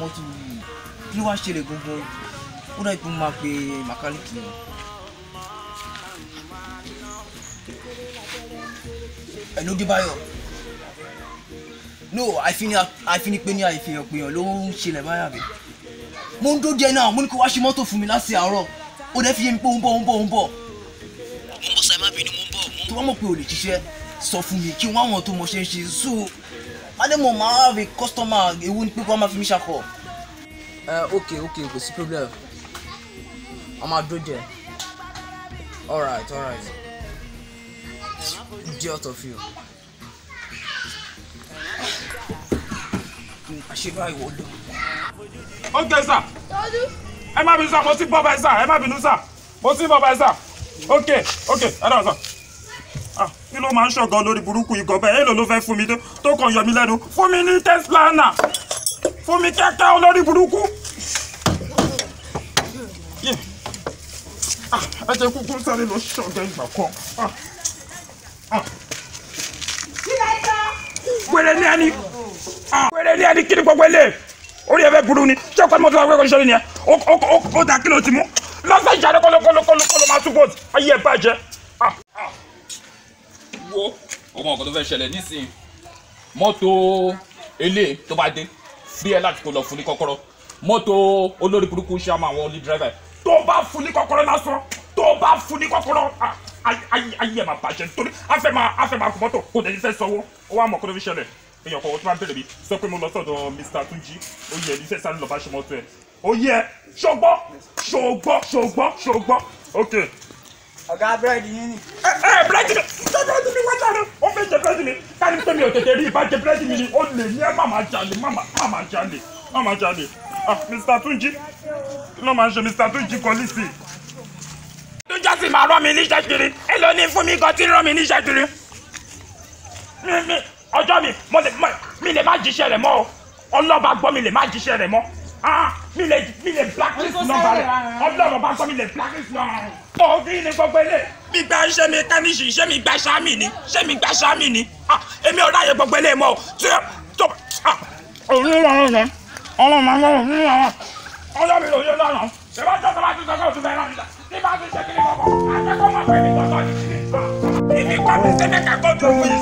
mọ́tò yìí kí ló wá ṣẹlẹ̀ gbọ́ngbọ́n ó dàbí pé mo máa pe màkálíkì náà. ẹ̀lú débáyọ̀ no àìfini pé ní àìfihàn pé yàn ló ń ṣẹlẹ̀ báyà mi mo ń dó díẹ̀ náà mo ní kó wá ṣe mọ́tò fún mi láti àárọ̀ ó dẹ́ fi yé mi pé ó ń bọ̀ ó ń bọ̀ ó ń bọ̀. mo ń bọ̀ sáyé má bínú mo ń bọ̀. tó bá mọ̀ pé o lè ṣiṣẹ́ sọ fún mi kí wọ́n àwọn tó mọ̀ ṣe ń ṣe sùúrù madam ma have a customer ewu ni pé kó má fi mí ṣakọ. ẹ ok ok kò sí problem a máa dó jẹ alright alright idiot of you. àṣebá ìwọ lọ. ó tẹ sà ẹ má bínú sà mo ti bọ́ bá ẹ sà ẹ má bínú sà mo ti bọ́ bá ẹ sà ok ok ẹ dọ̀ sà ló máa ń ṣọ̀gàn lórí burúkú ikọ̀ bẹ́ẹ̀ èèlò ló fẹ́ fún mi tó kàn yọ mí lẹ́nu fún mi ní tẹ́sílánà fún mi kẹ́kẹ́ olórí burúkú. Ah, ẹ jẹ́ kúkú sáré lọ ṣọ̀gàn ìgbà kan. Ah, ah. wẹ́rẹ́ ní ẹni wẹ́rẹ́ ní ẹni kí gbogbo eléyìí orí ẹ burú ni ṣé ọkọ ni mo fi wá wẹ́kọ̀ ṣẹ́ni yẹn ó ta kí ló ti mú lọ́sẹ̀ ìjà ni kọ́lọ́kọ́lọ́kọ́lọ́ máa tún bọ́ọ̀tì ayé ẹ̀ bàjẹ́ wo ọmọ nǹkan tó fẹ́ ṣẹlẹ̀ nísìnyí mọ́tò eléyìí tó bá dé free ẹ láti kó lọ fún ní kọ́kọ́rọ́ mọ́tò olórí burúkú ṣe àmọ́ àwọn olè dírẹ́fà tó bá fún ní kọ́kọ́rọ́ lásán tó bá fún ní kọ́kọ́rọ́ ayé ẹ̀ máa bàjẹ́ nítorí afẹ́ máa afẹ́ máa kó mọ́tò kó dẹ̀ fẹ́ sanwó ó wá mọ̀ tó fi ṣẹlẹ̀ èèyàn kan ó máa ń bèrè sọ pé mo lọ sọ́dọ̀ Mr. Tunji ó yẹ ní sẹ́sà ló bá ṣe mọ́tò ẹ̀ ó yẹ ṣọgbọ́ ṣọgbọ́ ṣọgbọ́ ṣọgbọ́ ok. ọ̀gá búrẹ́dì yín ni. ẹ ẹ búrẹ́dì náà mi ò tètè rí ìbájẹ búrẹ́dì mi ni ó lè ní ẹ má máa jalè má máa jalè má máa jalè ah, Mr. Tunji, kí ló máa ń ṣe Mr. Tunji, kọ́lí sí i. túnjọ́ sì máa rán mi níṣẹ́ kiri èló ní fún mi gan tí ń rán mi níṣẹ́ kiri mi mi ọjọ́ mi mo lè mi lè má jíṣẹ́ rẹ̀ mọ́ o ọlọ́ba gbọ́ mi lè má jíṣẹ́ rẹ̀ mọ́ mi lè mi lè blacklist nọ́mbà rẹ Ọlọ́run bá sọ mi blacklist nọ́mbà rẹ. òfin ni gbogbo ilé. mi gba ṣé mi kẹ́míṣì ṣé mi gba ṣámì ni ṣé mi gba ṣámì ni ah, èmi ò ráyè gbogbo ilé mọ́ tí tó. òun wà lọ́nà ọlọ́run máa ń wọ́n òun wà wọ́n ọlọ́run mi ò yọ lọ́nà ìbájọ́ tó bá ti sọ òtún fẹ́ràn nígbà tí bá ṣe kí ni kọ̀ọ̀kan àtẹ́kọ̀ọ́ máa fẹ́ mi tọ́tọ́ ní ìfipá mi sẹ́fẹ̀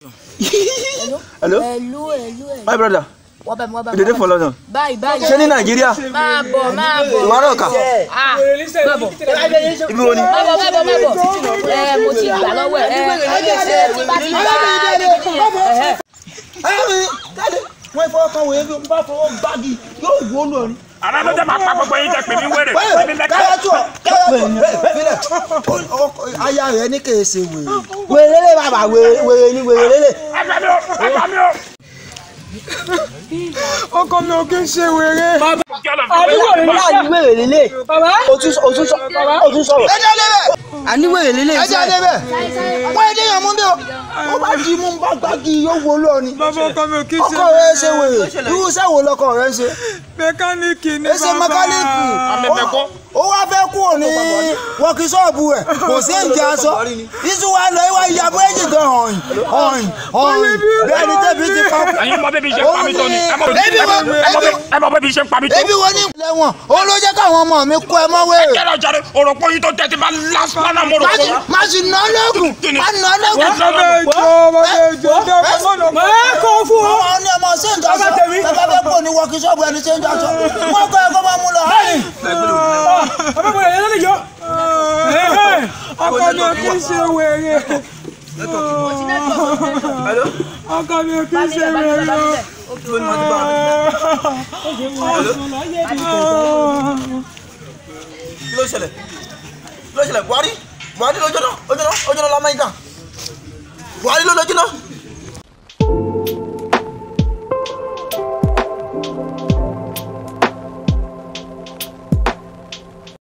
hello hello hello Hello. Hi, brother you dey dey for london ṣé ní nàìjíríà maroc ah, ibi wo ni. Eh, mo ti gbà lọ́wọ́ ẹ̀ ẹ̀ tí bá ti gbà eh, eh, wọ́n fọwọ́ kan wòye bí wọ́n bá fọwọ́ gbági yóò wọ́ọ́lù ọ̀run. àrà ló jẹ́ máa pa gbogbo yín jẹ́ pèmí wẹ́rẹ̀. kẹ́lẹ́tù kẹ́lẹ́tù aya rẹ ní kì í ṣe wèrè wèrè lè bàbá wèrè ní wèrè lè. ọkọ mi ò kí ń ṣe wèrè. àníwò rẹ ní àníwèrè lélẹ̀ òtún sọ̀rọ̀. àníwèrè lélẹ̀ ìṣe rẹ̀ wọ́n ẹ̀dẹ́ yàn mú mi o ó bá di mú bá gbági yóò wo lóòní. bàbá ọkọ mi ò kí ń ṣe wèrè. ọkọ rẹ ṣe wèrè irú iṣẹ́ wo lọkọ rẹ ń ṣe. mẹkáníìkì ni bàbá. ẹ ṣe mẹkáníìkì. amẹ̀mẹ̀kọ́ ó wá fẹ́ kúrò ní wọ́kíṣọ́ọ̀bù ẹ̀ kò sí ìjà aṣọ iṣu wa lọ ìwà ìyá méjì gan ọ̀hìn ọ̀hìn ọ̀hìn bẹ́ẹ̀ ni tẹ́bi ti pa kú. ẹ̀yin mọ bẹ́ẹ̀ bí iṣẹ́ ń pa mí tó ni ẹ mọ bẹ́ẹ̀ bí iṣẹ́ ń pa mí tó. ebi wo ni ìpínlẹ̀ wọn ó ló jẹ́ káwọn ọmọ mi kú ẹ mọ́wé. ẹ kẹ́rọ jàre òròpó yìí tó tẹ́tí máa lásán náà mo rò kó. má sì ná lóògùn má ná lóògùn. wọ́n kọ́ ẹ kó máa mú lọ. ọkọ mi ò kí ń ṣe wèrè ọkọ mi ò kí ń ṣe wèrè kí ló ṣẹlẹ̀ kí ló ṣẹlẹ̀ Buhari Buhari lójó náà lójó náà lọ́mọ ìgbà Buhari ló lójó náà.